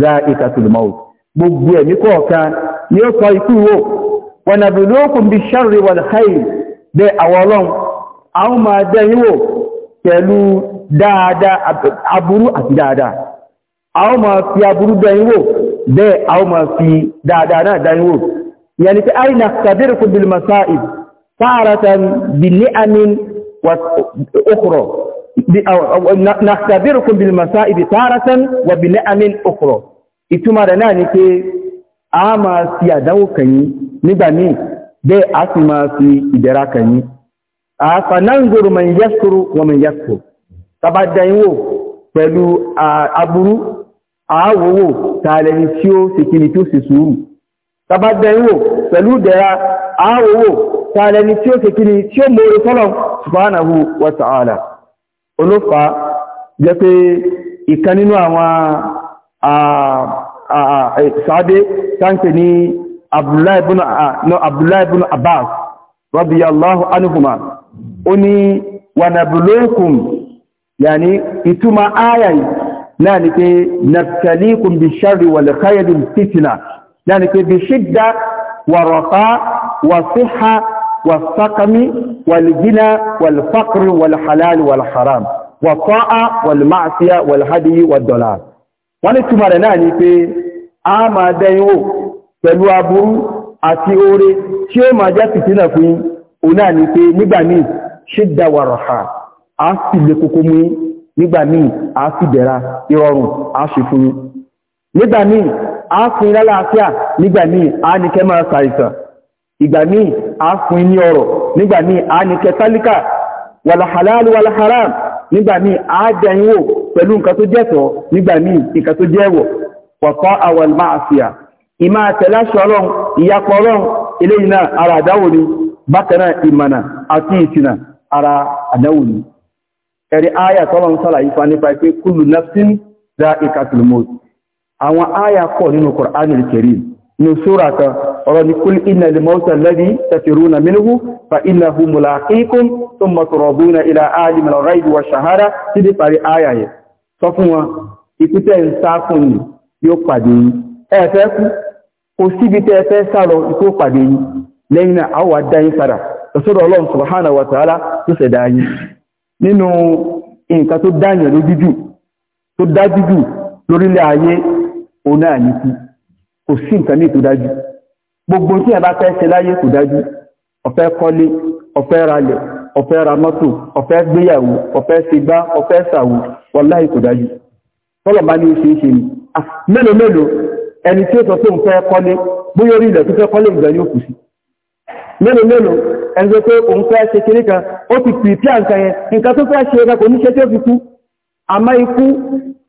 zā'iqatul mawt gbogbo ẹ̀mí kọ̀ọ̀kan ní ó tọ́ ikú wò wa nabluukum bish-sharri wal-khayri bẹ́ àwọn ọlọ́run àwọn máa dẹ́ يعني أي نختبركم بالمصائب تارة بنعم أخرى نختبركم بالمصائب تارة وبنعم أخرى ìtumọ̀ rẹ̀ náà ni pé a máa fi àdánwò kẹ̀yìn nígbà míì bẹ́ẹ̀ a sì máa fi ìdẹ̀ra kẹ̀yìn àfànáǹgòrò mọ̀ ìyẹ́sòrò wọn mọ̀ ìyẹ́sòrò tàbá dẹ̀yìnwò pẹ̀lú àbúrú àáwòwò tààlẹ̀yìn tí ó sì kìí tí ó sì sùúrù tàbá dẹ̀wò pẹ̀lú dẹ̀ra àwòwò tààlẹ̀ ni tí ó ṣe kíni tí ó mọ̀rọ̀ tọ́lọ̀ subhanahu wa ta'ala olófà jẹ́ pé ìkan nínú àwọn sàádé táǹkì ní Abdullah ibn Abbas radiyallahu anhuma ó ní wanabulukum yàní ìtumọ̀ ayayi náà ni pé nabtalikum bi sharri wal khayri fitna yàní pé bí ṣídá wàrọ̀fá wàsíhá wàsákàmí wàlìjínà wàlìfàkìrí wàlìhàlálì wàlìhàrám wàtọ́á wàlìmáàsíyá wàlìhádìí wàdọ̀là wọ́n ní túnmà rẹ̀ náà ni pé a máa dẹ́yìnwó pẹ̀lú aburú àti oore tí ó máa jẹ́ fìtínà fún ọ̀nà ni pé nígbà míì ṣídá wàrọ̀fá a sì lè kókó mú nígbà míì a sì dẹ̀ra ìrọ̀rùn a sì fún nígbà míì a fún ilá láàáfíà nígbà míì a ní kẹ máa ṣàìsàn ìgbà míì a fún ní ọrọ̀ nígbà míì a ní kẹ tálíkà wàlàhàláàlú wàlàhàrám nígbà míì a dẹ̀yìnwò pẹ̀lú nǹkan tó jẹ́tọ̀ nígbà míì nǹkan tó jẹ́wọ̀ wọ̀fọ́ àwọ̀lmáàfíà ìmá tẹ̀láṣọ́ ọlọ́run ìyapọ̀ ọlọ́run eléyìí náà ara àwọn áyà pọ̀ nínú Qur'anul Karim ní sóra kan ọ̀rọ̀ ni kul inna al-mawta alladhi tafirruna minhu fa innahu mulaqikum thumma turaduna ila alimi al-ghaybi wash-shahada tí dé parí áyà yẹ sọ fún wọn lórílẹ̀ ayé òun náà ní kú kò sí nǹkan ní ìtòdájú gbogbo tí ẹ bá fẹ́ ṣe láyé kò dájú ọ̀fẹ́ kọ́lé ọ̀fẹ́ ralẹ̀ ọ̀fẹ́ ra mọ́tò ọ̀fẹ́ gbéyàwó ọ̀fẹ́ ṣègbá ọ̀fẹ́ ṣàwò wọláyé kò dájú tọ́lọ̀ bá ní ṣe é ṣe ni mélòó mélòó ẹni tí ó sọ pé òun fẹ́ kọ́lé bóyá orí ilẹ̀ tó fẹ́ kọ́lé ìgbà yóò kù sí mélòó mélòó ẹni tó pé òun fẹ́ ṣe kéré kan ó ti pìpì àǹkan yẹn nǹkan tó fẹ́ ṣe ẹ̀ka kò ní ṣe tí fi kú àmọ́ ikú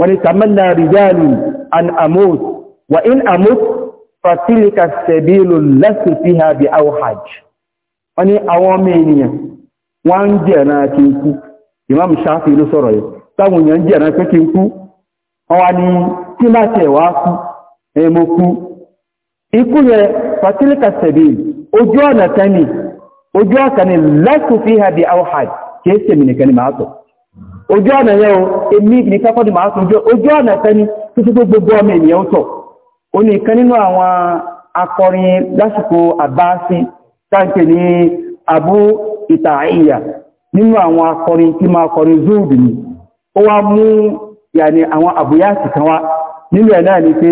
wọ́n ni tamanna rijali an amut wa in amut fatilika sẹ̀bílù lẹ́sì fi ha bí auhaj wọ́n ni àwọn ọmọ ènìyàn wọ́n ń jẹ̀rà kí n kú imam shafi ló sọ̀rọ̀ yìí táwọn èèyàn jẹ̀rà pé kí n kú wọ́n ni tí má tẹ̀ wá kú ẹmọ kú fatilika sẹ̀bílù ojú ọ̀nà tani ojú ọ̀kàní lẹ́sì fi ha bí auhaj kìí sẹ̀mìnìkan ni máa sọ̀rọ̀ ojú ọ̀nà yẹn o èmi nìkan kọ́ ni màá ojú ọ̀nà tẹ́ni títí tó gbogbo ọmọ ènìyàn ó tọ̀ ó ní ìkan nínú àwọn akọrin lásìkò àbáṣí táǹkì ní abú ìtààyà nínú àwọn akọrin tí máa kọrin zúùdù ni ó wá mú yàní àwọn àbúyàsì kan wá nínú ẹ̀ náà ni pé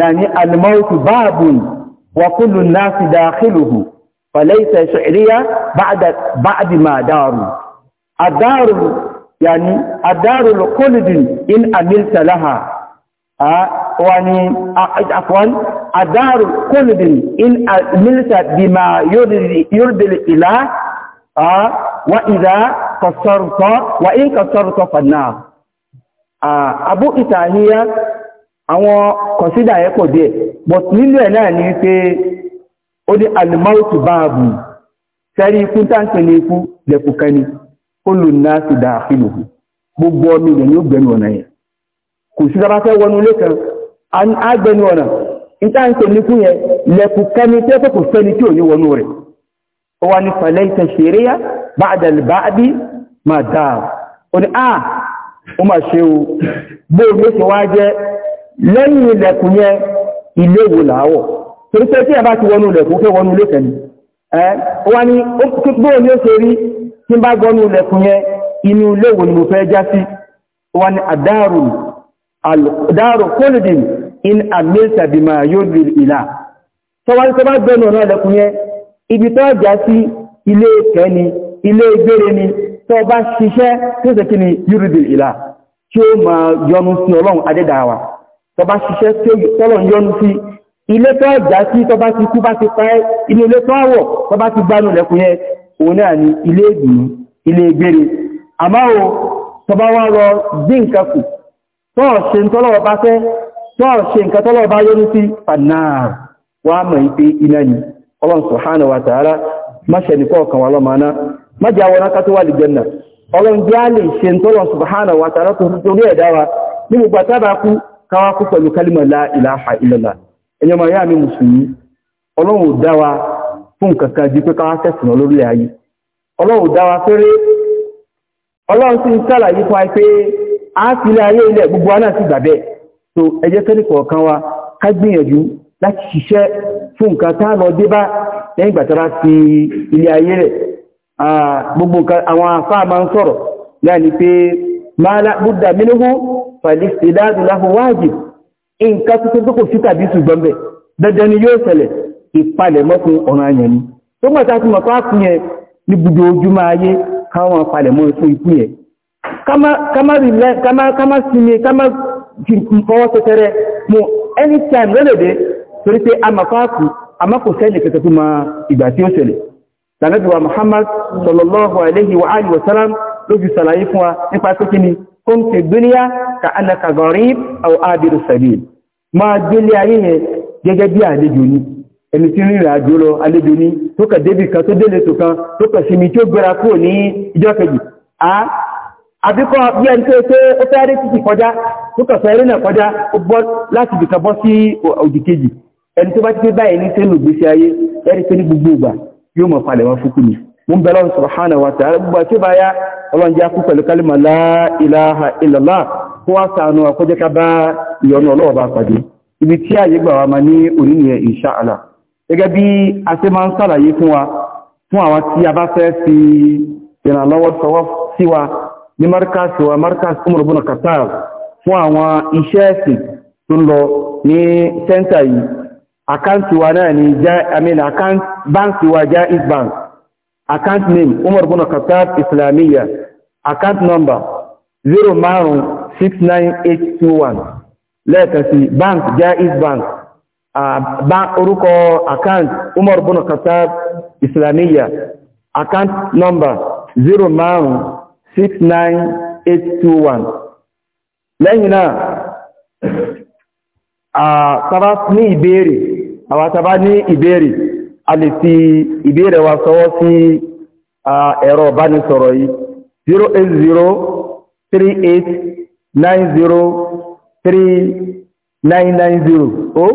yàní alimọ́ọ̀tù náàfi yàní àdárò kólìdì in amilta láha wani afwan àdárò kólìdì in amilta bí ma yóòdìlì ìlà wa ìdá kọsọ̀rọ̀tọ̀ wa in kọsọ̀rọ̀tọ̀ fàdínà abú ìtàhíyá àwọn kọ̀sídà ẹ̀ pọ̀ díẹ̀ but nílò ẹ̀ náà ni wípé ó ní alìmọ́ọ̀tù báàbù kólù náà ti dà àfihàn gbogbo ọmọ ilẹ̀ ni ó gbẹ̀nu ọ̀nà yẹn kò sí sábà fẹ́ wọnú ilé kan á gbẹ̀nu ọ̀nà ìta ń pè níkú yẹn lẹ́kù kẹ́ni tí ó kò sẹ́ni tí ò ní wọnú rẹ̀ ó wá ní pẹ̀lẹ́ ìtẹ̀ ṣeré yá bá àdàlì bá bí mà dáa ó ní à ah, ó mà ṣe o bó o ṣe wá jẹ́ lẹ́yìn ilẹ̀kù yẹn ilé wo làáwọ̀ torí pé tí ẹ bá ti wọnú ilẹ̀kù fẹ́ wọnú ilé kan ni ó wá ní bó ó ṣe rí tí bá gbọ́nú ilẹ̀kùn yẹn inú ilé wo ni mo fẹ́ já sí wà ní àdáàrù kólìdì in àmìlta bí máa yóò bí ìlà tọ́wọ́n tó bá gbọ́nú ọ̀nà ilẹ̀kùn yẹn ibi tó já sí ilé ìkẹ́ ni ilé ìgbére ni tó bá ṣiṣẹ́ tó ṣe kí ni yóò bí ìlà tí ó máa yọnu sí ọlọ́run adẹ́dàwà tó bá ṣiṣẹ́ tọ́lọ̀ yọnu sí òun náà ni ilé ìdùnnú ilé ìgbére àmáwò tọba wá lọ gbé nǹkan kù tọ́ọ̀ ṣe ń tọ́lọ́wọ́ bá fẹ́ tọ́ọ̀ ṣe nǹkan tọ́lọ́wọ́ bá yọ́nú sí fanáà wá mọ̀ ìpé iná ni ọlọ́run subhanahu wa ta'ala máṣẹ̀ nìkọ́ ọ̀kan wà lọ́mọ́ná májá wọn ká tó wà lè jẹ́nà ọlọ́run jẹ́ lè ṣe ń tọ́lọ́run subhanahu wa ta'ala tó torí ẹ̀dá wa ní gbogbo àtàbà kú káwá kú pẹ̀lú kálímà la ilaha illallah ẹ̀yọ́mọ̀ yá mi mùsùlùmí ọlọ́run ò dá wa fún kankan jí pé káwá tẹ̀sùn lórílẹ̀ ayé ọlọ́run dá wa fẹ́rẹ́ ọlọ́run sì ń sàlàyé fún wa pé a ti ilé ayé ilẹ̀ gbogbo wa náà sì so ẹ jẹ́ kẹ́lì kọ̀ọ̀kan wa ká gbìyànjú láti ṣiṣẹ́ fún nǹkan tá lọ dé bá lẹ́yìn ìgbà tára sí ilé ayé rẹ̀ gbogbo àwọn afáà máa ń sọ̀rọ̀ láàní pé máa búdà mínúhú fàlìsìdádùn láhùn wáàjì ìpalẹ̀mọ́ fún ọ̀rọ̀ ayẹ̀ ni tó mọ̀ta sí mọ̀pá fún yẹn ní gbogbo ojúmọ́ ayé káwọn palẹ̀mọ́ fún ikú yẹn kámá sinmi kámá fọwọ́ tẹ́tẹ́rẹ́ mú anytime lọ́lẹ̀dẹ́ torí pé a mọ̀pá kù àmọ́ kò sẹ́lẹ̀ kẹta tó ma Muhammad sallallahu alaihi wa alihi wa sallam ló fi ni kó ń fi dúníyà ka abiru sabil máa gbélé ayé yẹn gẹ́gẹ́ bí àlejò ni ẹni tí rìnrìn àjò lọ àlejò ní tó kà débì kan tó délé tó kan tó kà sí mi tí ó gbéra kúrò ní ìjọ kejì a àbíkọ́ bí ẹni tó tó ó fẹ́ rí títì kọjá tó kà fẹ́ rí náà kọjá ó bọ́ láti bìkan bọ́ sí òdì kejì ẹni tó bá ti báyìí ní sẹ́nu ìgbésí ayé ẹni tó ní ni mo ń bẹ gẹ́gẹ́ bí a ṣe máa ń sàlàyé fún wa fún àwọn tí a bá fẹ́ fi ìrànlọ́wọ́ sọwọ́ sí wa ní markas wa markas umarubu na qatar fún àwọn iṣẹ́ ẹ̀sìn tó lọ ní sẹ́ńtà yìí àkáǹtì wa náà ni báǹkì wa jaiz bank account name umarubu na qatar islamiyya account number 0569821 lẹ́ẹ̀kan sí bank jaiz bank 0 bá orúkọ account umar bin khattab islamiyya account number 0969821 lẹ́yìn náà àtàbá ní ìbéèrè àwọn àtàbá ní ìbéèrè a lè fi ìbéèrè wa sọwọ́ sí ẹ̀rọ ìbánisọ̀rọ̀ yìí 08038903990 oh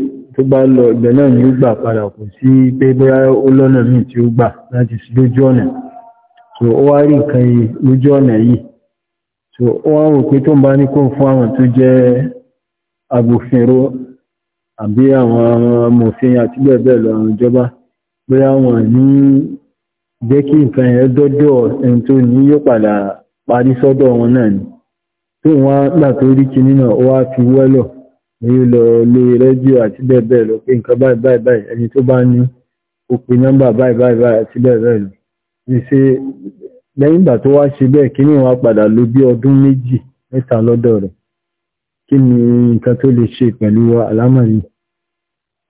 tó bá lọ ìgbẹ̀ náà ni ó gbà padà kò sí pé bóyá ó lọ́nà míì tí ó gbà láti sí lójú ọ̀nà so ó wá rí nǹkan yìí lójú ọ̀nà yìí so ó wá rò pé tó ń bá ní kó fún àwọn tó jẹ́ agbófinró àbí àwọn amòfin àti bẹ́ẹ̀ bẹ́ẹ̀ lọ àwọn ìjọba bóyá wọn ní jẹ́ kí nǹkan yẹn dọ́dọ̀ ẹni tó ní yóò padà parí sọ́dọ̀ wọn náà ni tó wọn gbà tó rí kinní náà ó wá fi wẹ́lọ̀ èyí lọ lé rédíò àti bẹ́ẹ̀ bẹ́ẹ̀ lọ pé nǹkan báyìí báyìí báyìí ẹni tó bá ní ó pe nọ́mbà báyìí báyìí báyìí àti bẹ́ẹ̀ bẹ́ẹ̀ lọ ṣe lẹ́yìn ìgbà tó wá ṣe bẹ́ẹ̀ kí ni wàá padà lò bí ọdún méjì mẹ́ta lọ́dọ̀ rẹ̀ kí ni nǹkan tó lè ṣe pẹ̀lú àlámà yìí.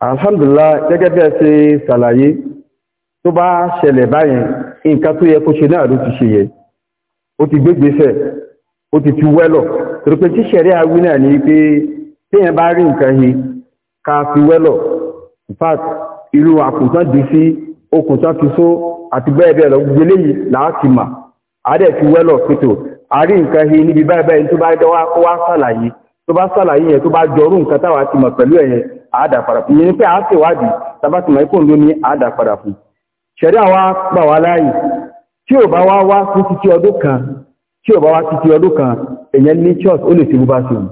alhamdulillah gẹ́gẹ́ bí ẹ ṣe ṣàlàyé tó bá ṣẹlẹ̀ báyẹn nǹkan tó yẹ kó ṣe náà ló ti ṣe yẹ ó ti gbégbèsẹ̀ ó ti fi wẹ́lọ̀ torí pé tíṣẹ̀rí àwí náà ní pé téèyàn bá rí nǹkan yìí ká fi wẹ́lọ̀ in irú àkùntán dì sí okùntán fi só àti bẹ́ẹ̀ bẹ́ẹ̀ lọ gbogbo eléyìí láti mà àádẹ́ fi wẹ́lọ̀ pètò àrí nǹkan yìí níbi báyìí báyìí tó bá kó wá sàlàyé tó bá sàlàyé yẹn tó bá a ṣe wádìí tabatimọ̀ ikú ló ní àádà padà fún ṣẹ̀rí àwa wá láàyè tí ò bá wá wá títí ọdún kan tí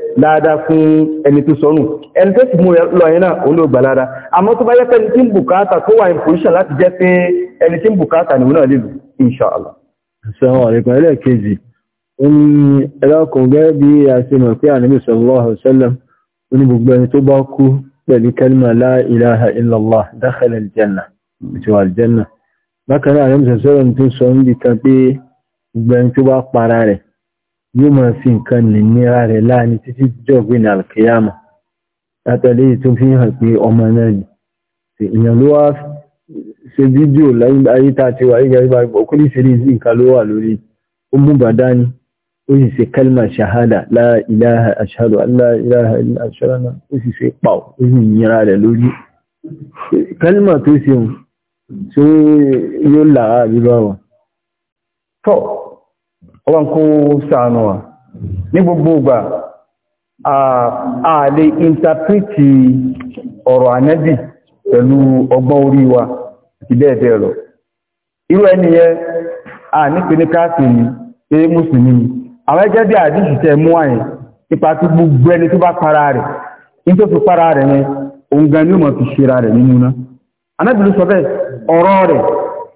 láadáa fún ẹni tó sọnù ẹni tó sì mú lọ ẹ̀yìn náà òun ló gbà láadáa àmọ́ tó bá yẹ́ pẹ́ni tí ń bùkátà tó wà ìpòṣíṣàn láti jẹ́ pé ẹni tí ń bùkátà nìwọ̀n náà lílù inṣàlá. Assalamu alaikum ẹlẹ́ẹ̀kejì ẹlọ́kùn gẹ́gẹ́ bí a ṣe mọ̀ pé ànábì sallallahu tó bá para rẹ̀ yóò máa fi nǹkan nìnira rẹ̀ láàrin títí jọ̀gbìn alkiyama látàlẹ́ yìí tó fi hàn pé ọmọ náà ni èèyàn ló wá ṣe fídíò ayíta ti wà yíga yíba ọkùn ní ṣeré sí nǹkan ló wà lórí ó mú bàdá ni ó sì ṣe kalma ṣahada la ilaha ashhadu an la ó sì ṣe pàó ó sì yíra rẹ̀ lórí kalma tó ṣe tó yóò làá àbí báwọn ọlọ́n kó sàánù wa ní gbogbo ìgbà ààlè ìntàpítì ọ̀rọ̀ pẹ̀lú ọgbọ́n orí wa ti bẹ́ẹ̀bẹ́ẹ̀ lọ irú ẹniyẹ a nípe ní káàkiri pé mùsùlùmí àwọn ẹgẹ́ bí mú àyìn ipa tí gbogbo ẹni tó bá para ni ra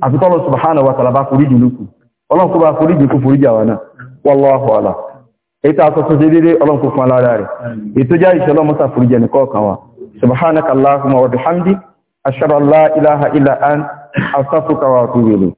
àfi tọ́lọ̀ subhanahu wa ta'ala bá foríjì lókù ọlọ́nkú bá foríjì kó foríjì àwọn náà wallahu a'lam ètò àkọsọ sí dédé ọlọ́nkú fún alára rẹ̀ ètò já ìṣẹ́lọ́ mọ́sà foríjì ẹnì kọ̀ọ̀kan wa